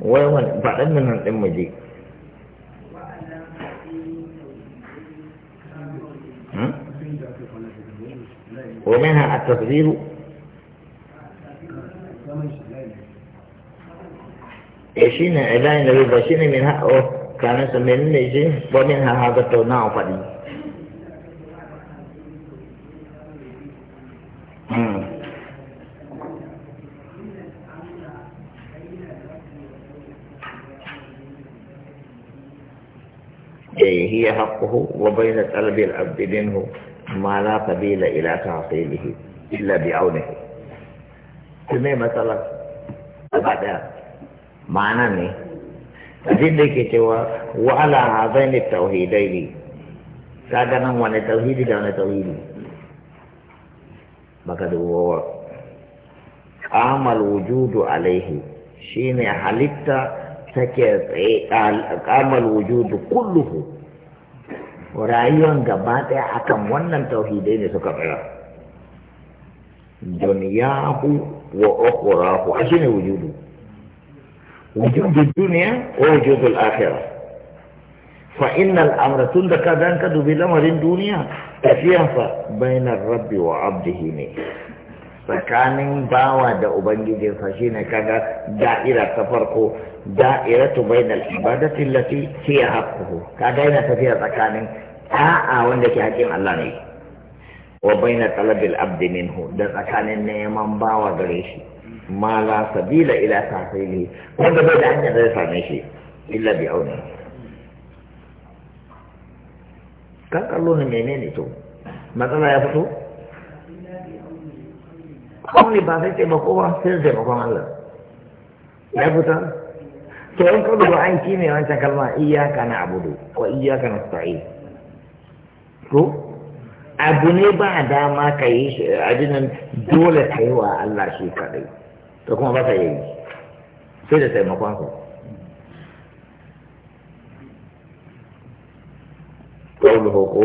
wai wani faɗan nan ɗin muje ومنها التفضيل شين لا ينبغي شين منها كان سمين نجي ومنها هذا التناع فدي أخلاقه وبين قلب العبد منه ما لا قبيل إلى تعطيله إلا بعونه تمہیں مطلب بعد معنى نے زندگی کے جو وعلى هذين التوحيدين كادنا وانا توحيد دانا توحيد بقد هو قام الوجود عليه شيني حلتا تكيت قام الوجود كله rayuwan gaba ɗaya akan wannan tauhidai ne suka tsaya duniyahu wa ukhrahu a shine wujudu wujudu duniya wa wujudu al fa innal amra da ka dan ka dubi lamarin duniya tafiyansa bainar rabbi wa abdihi ne tsakanin bawa da ubangijinsa shine kaga da'ira ta farko da'iratu bainal ibadati allati hiya haqquhu kaga yana tafiya tsakanin a'a wanda ke hakkin Allah ne wa baina talabil abdi minhu da tsakanin neman bawa gare shi ma la sabila ila tahsili wanda bai da hanyar da same shi illa bi auni kan kallo ne menene to matsala ya fito kawai ba sai taimako ba sai taimakon Allah ya fita to in ka duba an kime wancan kalma iyaka na abudu ko iyaka na sa'i ko abu ne ba dama ka yi shi ajinan dole ka yi wa Allah shi kadai to kuma ba ka yi sai da taimakon sa ko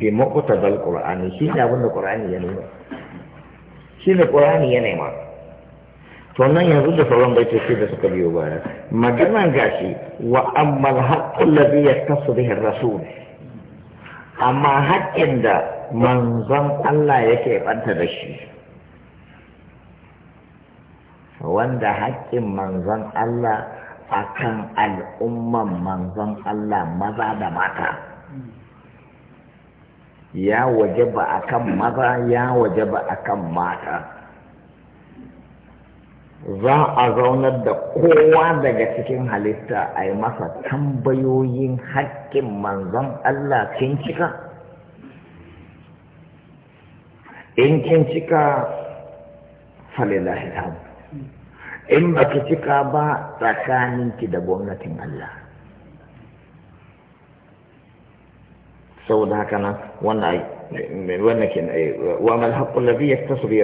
bi mm. muqtadal qur'ani shi ne abin da qur'ani ya nuna shi ne qur'ani ya nema to nan yanzu da sauran baitoci da suka biyo baya magana gashi wa amma al-haqqu alladhi yattasu bihi ar-rasul amma haƙƙin da manzon Allah yake banta da shi wanda haƙƙin manzon Allah akan al'umman manzon Allah maza da mata ya waje ba a kan maza ya waje ba a kan mata za a zaunar da kowa daga cikin halitta a yi masa tambayoyin haƙƙin manzon Allah kin cika in kin cika falilahi in ba ki cika ba tsakaninki da gwamnatin Allah saboda haka nan wannan ke wa mal haqqu alladhi yaktasu bi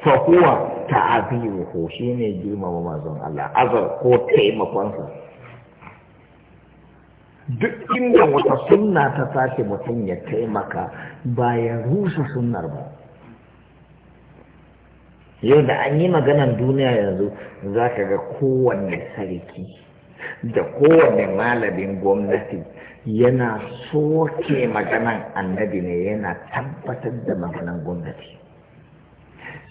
fa huwa ta'abiruhu shine girmama mazan Allah azar ko taimakon sa duk inda wata sunna ta sace mutum ya taimaka bayan rusa sunnar ba yau da an yi maganan duniya yanzu za ka ga kowanne sarki da kowane malamin gwamnati yana soke maganan annabi ne yana tabbatar da maganan gwamnati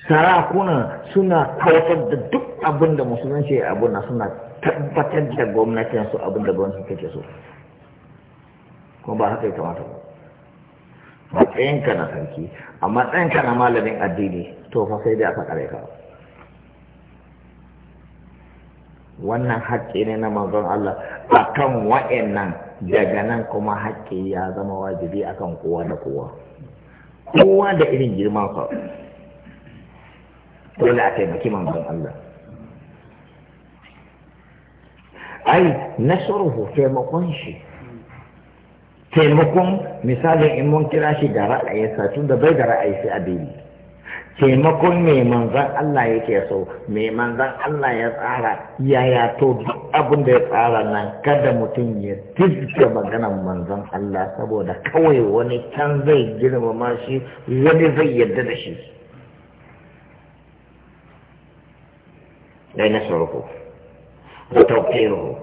sarakuna suna kawatar da duk abin da musulunci ya na suna tabbatar da gwamnatin su abin da gwamnati take so kuma ba haka ya kamata ba matsayinka na sarki a matsayinka na malamin addini to fa sai dai aka kare ka wannan haƙƙi ne na manzon Allah a kan nan, daga nan kuma haƙƙi ya zama wajibi a kan kowa da kowa kowa da irin girman sa dole a taimaki manzon Allah ai na nasaruhu taimakon shi taimakon misalin in mun kira shi da ra'ayinsa tun da bai da ra'ayi sai a taimakon mai manzan Allah yake so mai manzan Allah ya tsara yaya to duk abin da ya tsara nan kada mutum ya tizke maganar manzan Allah saboda kawai wani can zai girmama shi wani zai yarda da shi dai nasaruhu da tauqiruhu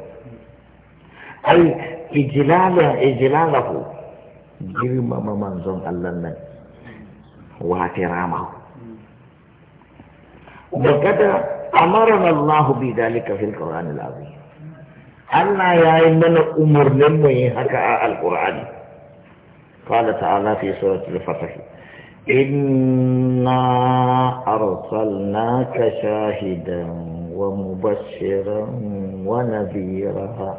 ai ijlala ijlalahu girmama manzon Allah nan wa وكذا أمرنا الله بذلك في القرآن العظيم أنا يا إمنا أمر لمي هكا القرآن قال تعالى في سورة الفتح إنا أرسلناك شاهدا ومبشرا ونذيرا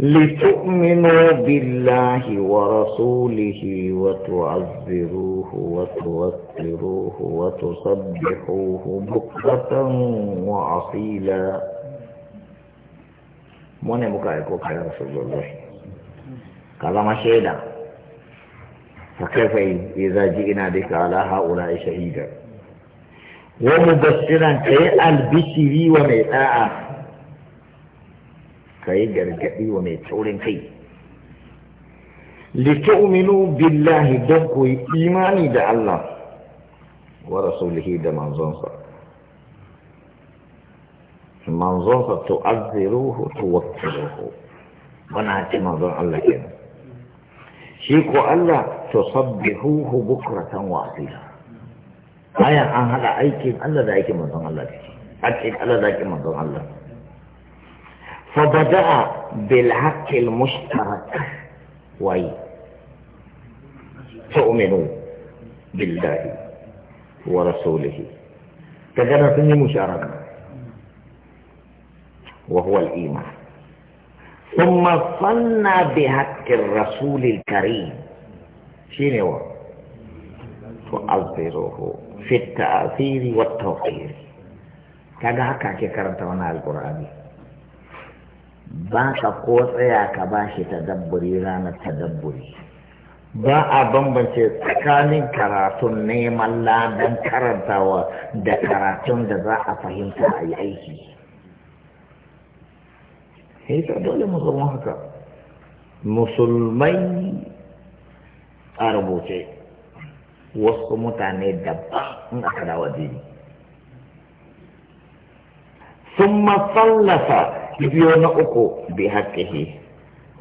لتؤمنوا بالله ورسوله وتعذروه وتوكروه وتصبحوه بكرة وأصيلا من مكايكوك يا رسول الله كلام شهيدا فكيف إذا جئنا بك على هؤلاء شهيدا ومبشرا كي البشري ومئاء ka yi gargaɗi wa mai taurin kai litu'minu billahi don ku yi imani da Allah wa rasulihi da manzonsa manzonsa to tuwakkiluhu bana ci manzon Allah ke shi ko Allah to sabbihuhu bukratan wa asila ayan an hada aikin Allah da aikin manzon Allah take aikin Allah da aikin manzon Allah فبدأ بالحق المشترك وي تؤمنوا بالله ورسوله فيه مشاركة وهو الإيمان ثم صلنا بحق الرسول الكريم شين هو في التأثير والتوقير كذا هكا كي كرمت القرآن ba ka ko tsaya ka ba shi tadabburi ranar tadabburi ba a bambance tsakanin karatun neman ladan karantawa da karatun da za a fahimta a yi aiki sai eh, dole musulman haka musulmai a rubuce wasu mutane daban in aka dawa dini sun masallafa biyo na uku bi haƙƙihi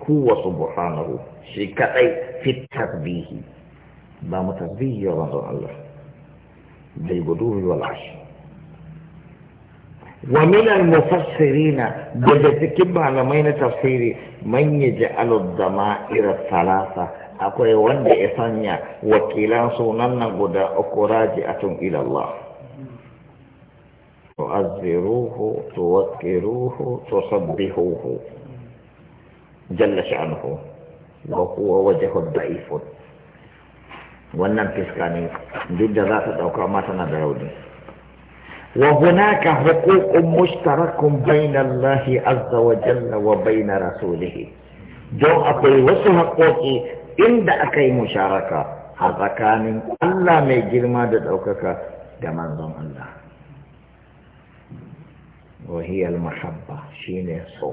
huwa subhanahu shi kadai fi tasbihi ba mu tasbihi ya Allah bil gudubi wal ashi wa min al mufassirina daga cikin malamai na tafsiri man yaj'alu dhama'ira salasa akwai wanda ya sanya wakilan sunan nan guda uku raji'atun ila Allah تعذروه توكروه تصبحوه جل شأنه وهو وجه ضعيف wannan fiska ne duk da za ta ɗauka ma tana da rauni wa hunaka huququn mushtarakun bayna Allah azza wa jalla wa bayna rasulih don akwai wasu haƙoƙi inda aka yi musharaka a tsakanin Allah mai girma da ɗaukaka da manzon Allah wahiyar mahabba shine so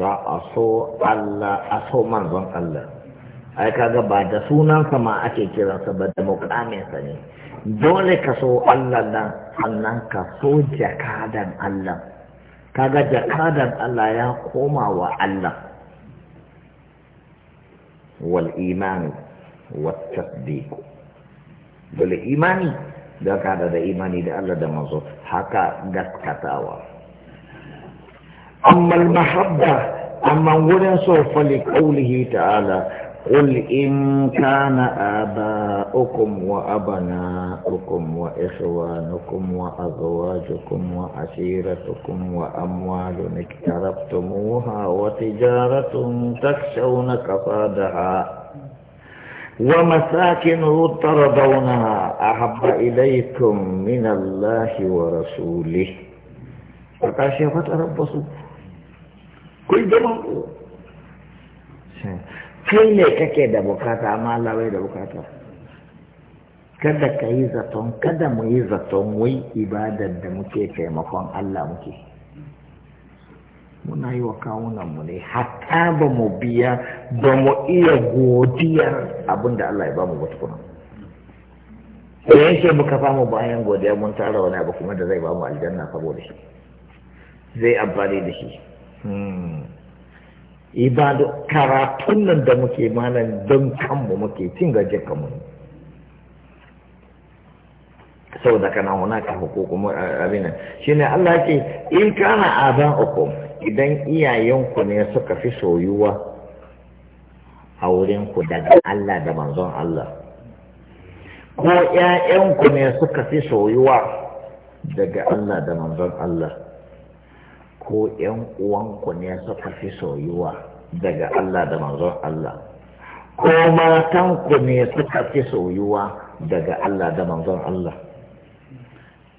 za a so Allah a so manzon Allah ai kaga ba da sunansa ma ake kiransa ba da mukaminsa ne dole ka so Allah nan sannan ka so jakadan Allah kaga jakadan Allah ya koma wa Allah wal imani tasdiq imani da ka da imani da Allah da mazo haka gaskatawa Ammal mahabba amma wurin so fali kaulihi ta'ala قل إن كان آباؤكم وأبناؤكم وإخوانكم وأزواجكم وعشيرتكم وأموال اقتربتموها وتجارة تخشون كفادها ومساكنه ترضونها أحب إليكم من الله ورسوله فكاشفة ربصوا كل جمع kai ne kake da bukata amma Allah bai da bukata kada ka yi zaton kada muyi yi zaton wai ibadar da muke taimakon Allah muke muna yi wa kawunanmu ne hatta ba mu biya ba mu iya godiyar abinda da Allah ya ba mu wata kuma ko yake muka famu bayan godiya mun tara wani abu kuma da zai ba mu aljanna saboda shi zai amfani da shi hmm. ibadu karatun nan da muke malan don kanmu muke cin gajin kanmu saboda kana hunaka hukukum abinan shine Allah yake in kana aban hukum idan iyayenku ne suka fi soyuwa a wurinku daga Allah da manzon Allah ko ‘ya'yanku ne suka fi soyuwa daga Allah da manzon Allah ko ‘yan uwanku ne suka fi soyuwa daga Allah da manzon Allah ko matanku ne suka fi soyuwa daga Allah da manzon Allah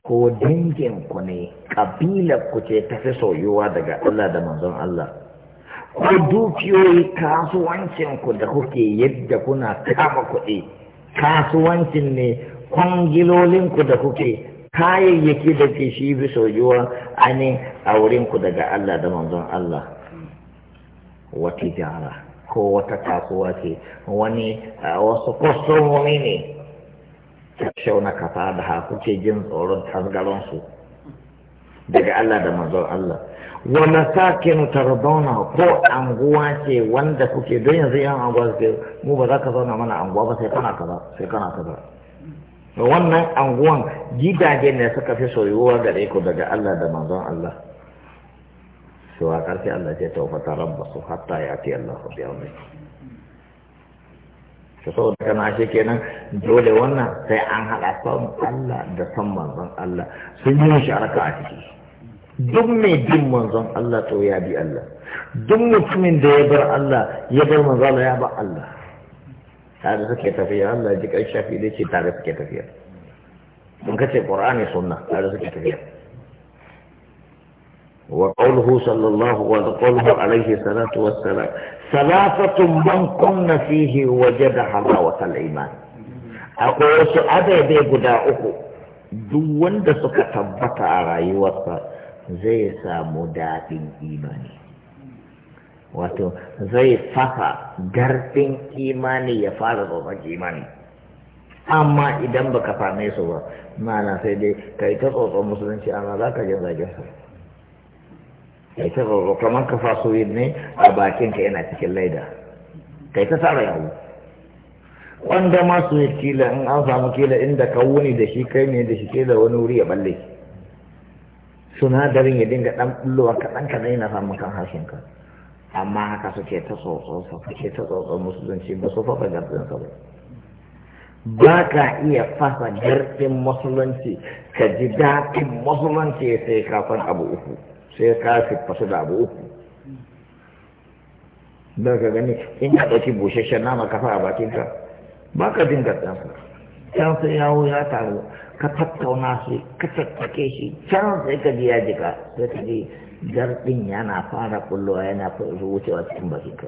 ko danginku ne kabilar ku ce ta fi soyuwa daga Allah da manzon Allah ko dukiyoyi kasuwancinku da kuke yadda kuna kama kuɗi kasuwancin ne kwangilolinku da kuke kayayyaki da ke shi bi soyuwa a ne a wurinku daga Allah da manzon Allah wata jara ko wata kasuwa ce wani wasu kwastomomi ne na kafa da ha jin tsoron tasgaronsu daga Allah da manzon Allah wani sakinu tarbauna ko anguwa ce wanda kuke don yanzu yan anguwa su mu ba za ka zauna mana anguwa ba sai kana kaza sai kana kaza wannan anguwan gidaje ne suka fi soyuwa gare ku daga Allah da manzon Allah Su a ƙarshe Allah ce ta rabba su, hatta ya ti Allah bi amri ta so da kana shi kenan dole wannan sai an haɗa son Allah da son manzon Allah sun yi shi a ciki duk mai bin manzon Allah to ya bi Allah duk mutumin da ya bar Allah ya bar manzon Allah ya bar Allah tare suke tafiya Allah ji kai shafi dai ce tare suke tafiya mun kace Qur'ani sunna tare suke tafiya وقوله صلى الله وقوله عليه الصلاة والسلام ثلاثة من كن فيه وجد حلاوة الإيمان أقول سؤال بي قداء أخو دون دسك تبت على يوصى زي سامدات إيماني wato zai fasa garfin imani ya fara tsotsar imani amma idan baka same su ba mana sai dai kai ta tsotsar musulunci amma za ka jin kai ta kamar ka faso yin ne a bakin ka yana cikin laida kai ta tsara yawo wanda masu yi kila in an samu kila inda ka wuni da shi kai ne da shi kila wani wuri ya balle sunadarin ya dinga dan bullowa kaɗan kaɗan yana samun kan harshen ka amma haka suke ta tsotso suke ta tsotso musulunci ba su faɗa gardin sa ba ba ka iya fasa garɗin musulunci ka ji daɗin musulunci sai kafin abu uku sai ka su da abu uku don ka gani in ya ɗauki busasshen nama kafa a bakinka ba ka jin gaddansa can sai yawo ya taru ka tattauna shi ka tattake shi can sai ka ji ya jika sai ka ji gardin yana fara kullowa yana wucewa cikin bakinka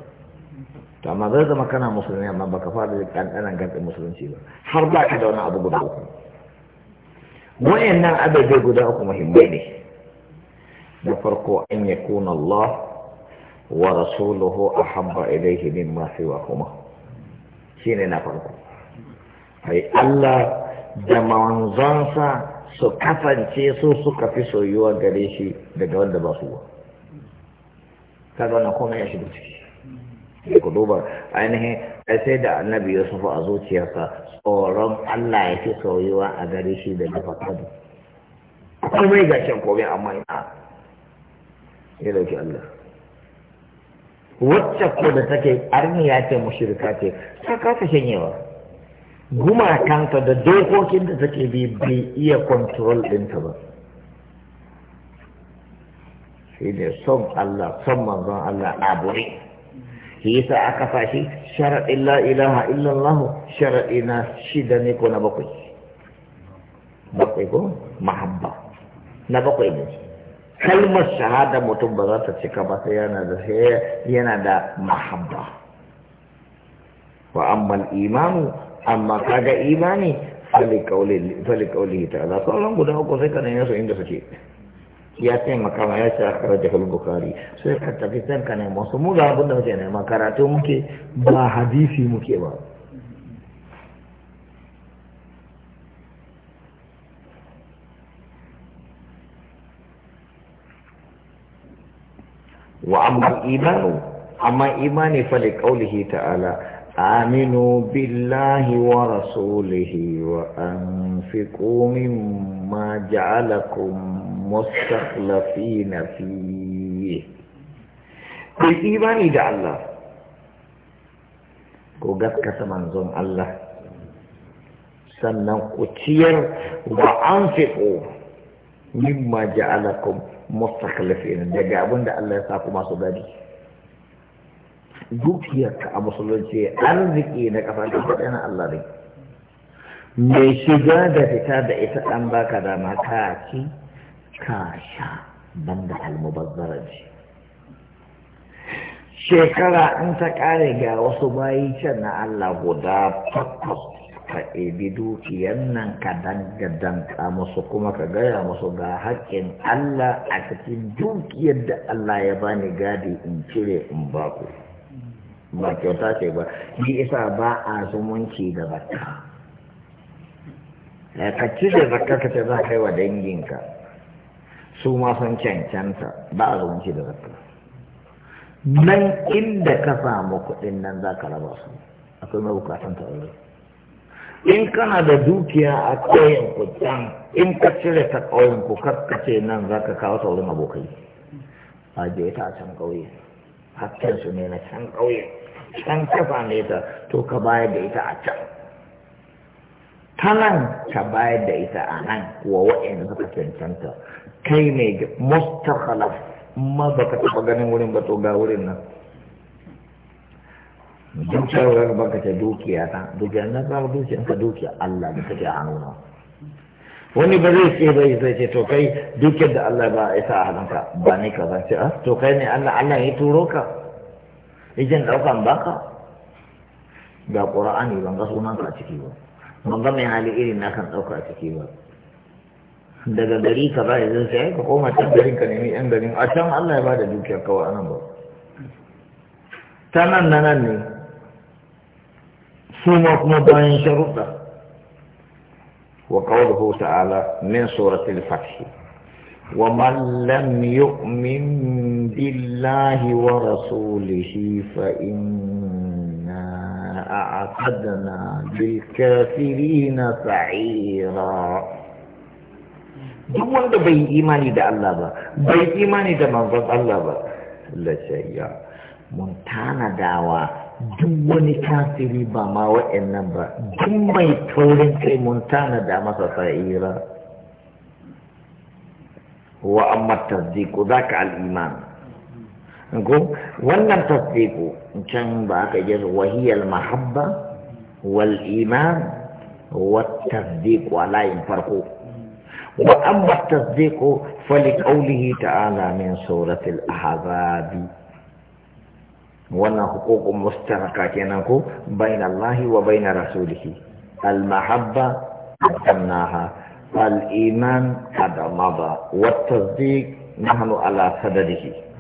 to amma zai zama kana musulmi amma baka fara da ɗanɗanan gardin musulunci ba har ba ka da wani abu guda uku wayannan ababe guda uku muhimmai ne na farko an ya kuna Allah wa rasuluhu a hamba ilaihi ne masu wa kuma shi ne na farko ai Allah da manzansa su kasance su suka fi soyuwa gare shi daga wanda ba su ba kaga wannan kuma ya shiga ciki da ku duba ainihin sai da annabi sufa a zuciyarsa tsoron allah ya fi soyuwa a gare shi da dafa Akwai komai gashin komai amma ina ya dauki Allah wacce ko da take arniya ce mushrika ce ta kasa shanyewa gumakanta da dokokin da take bi bai iya control ɗinta ba shi ne son Allah son manzon Allah aburi shi yasa aka fashi sharaɗin la ilaha illallah sharaɗi na shida ne ko na bakwai bakwai ko mahabba na bakwai ne kalmar shahada mutum ba za ta cika ba sai yana da yana da mahabba wa amma imanu amma kaga imani fali kauli ta'ala sauran guda uku sai kana yaso inda suke ya taimaka ma ya ce a da jahil bukari sai ka tafi san ka nemo su mu ga abin da muke ne makaratu muke ba hadisi muke ba وأما الإيمان أما إيماني فلقوله تعالى آمنوا بالله ورسوله وأنفقوا مما جعلكم مستخلفين فيه بالإيمان دع الله قد كتمنزون الله سنن كتير وأنفقوا مما جعلكم mustaklifin daga abin da Allah ya sa kuma su gadi dukiyarka a musulunci arziki na kafa da kaɗai na Allah ne mai shiga da fita da ita ɗan baka dama ka ci ka sha banda ji shekara an ta kare ga wasu bayi can na Allah guda takwas ka ebi dukiyan nan ka dangadanka musu kuma ka gaya musu ga haƙƙin Allah a cikin dukiyar da Allah ya bani gadi in cire in ba ku ba kyauta ce ba ni isa ba a zumunci da zakka ka cire zakka ka ce za ka yi wa danginka su ma sun cancanta ba a zumunci da zakka nan inda ka samu kuɗin nan za ka raba su akwai mabukatan ta aure in kana da dukiya a ƙauyen ku in ka cire ta ƙauyen ku ce nan za ka kawo saurin abokai a je a can ƙauye hakkin su ne na can ƙauye can kafa ne ta to ka bayar da ita a can ta nan ka bayar da ita a nan wa wa'in suka cancanta kai ne mustakhalaf ma ka taɓa ganin wurin ba to ga wurin nan duk shawarar ka ta dukiya ta dukiya na ba dukiya ka dukiya Allah da take a hannuna wani ba zai ce bai zai ce to kai dukiyar da Allah ba isa sa a hannunka ba ne ka zance a ah, to kai ne Allah Allah ya turo ka ijin daukan baka ga qur'ani ban ga sunan ka a ciki ba ban ga mai hali irin na kan dauka a ciki ba daga gari ka ba yanzu sai ka koma can garin ka nemi yan garin a can Allah ya bada dukiyar kawai anan ba ta nan na nan ne ثم مضاين شرطة وقوله تعالى من سورة الفتح ومن لم يؤمن بالله ورسوله فإنا أعقدنا بالكافرين سعيرا دوان دو بي إيماني دا الله با بي إيماني دا منظر الله با لسيا منتانا داوه duk wani kafiri ba ma wa'annan ba duk mai taurin kai mun tanada masa sa'ira wa amma tasdiqu zaka al-iman ko wannan tasdiqu can ba aka yi wahiyal mahabba wal iman wa tasdiqu ala farko wa amma tasdiqu fa li qawlihi ta'ala min suratil ahzabi wannan hukukun mustaraka kenan ko na lahi wa bain rasulihi al-mahabba qaddamnaha al-iman qaddamaba wa tasdiq nahnu ala sadadihi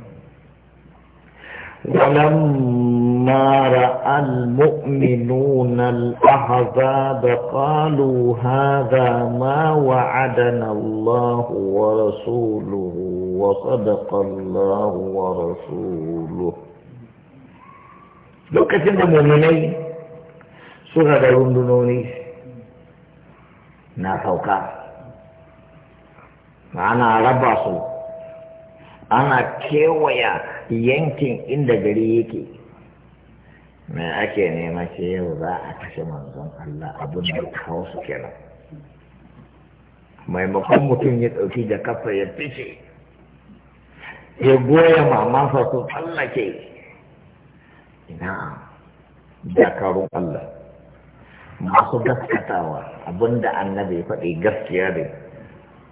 ولما رأى المؤمنون الأحزاب قالوا هذا ما وعدنا الله ورسوله وصدق الله ورسوله lokacin da mummunai suna da rundunoni na sauka ana raba su ana kewaya yankin inda gari yake mai ake nema ce yau za a kashe manzon Allah abin da kawo su kenan maimakon mutum ya ɗauki da kafa ya fice ya goya mamansa su tsallake na'am dakarun Allah masu gaskatawa abinda annabi ya faɗi gaskiya ne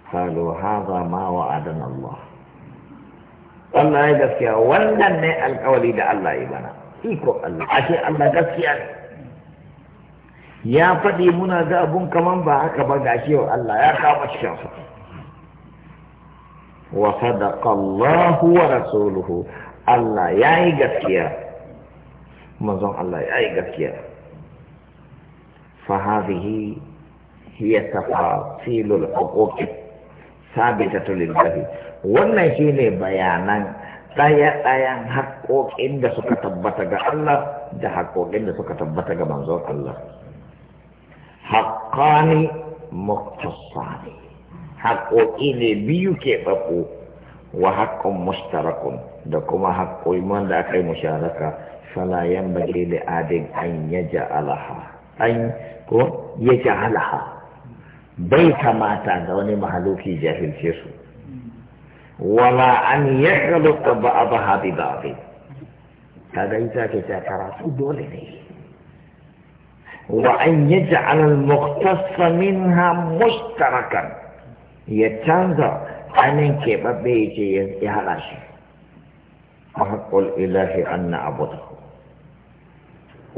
falo haza ma wa adan Allah Allah ya gaskiya wannan ne alkawari da Allah ya bana iko Allah ashe Allah gaskiya ne ya faɗi muna ga abun kaman ba haka ba ga shi Allah ya kama cikin sa wa sadaqa Allah wa rasuluhu Allah yayi gaskiya manzon Allah ya yi gaskiya safa هي تفاصيل Sabita ثابتة لله wannan shine bayanan ɗaya-ɗayan haƙoƙin da suka tabbata ga Allah da haƙoƙin da suka tabbata ga manzon Allah haƙƙani muktasani haƙoƙi ne biyu ke ɓaɓo wa haƙon mustarakun da kuma haƙƙoƙi wanda aka yi musharaka فلا ينبغي لآدم أن يجعلها أن يجعلها بيت ما تعدوني مهلوكي جاهل جسو ولا أن يخلق بعضها ببعض هذا إذا كنت ترى دولني وأن يجعل المختص منها مشتركا يتنظر أن كيف بيجي يهلاشي أحق الإله أن نعبده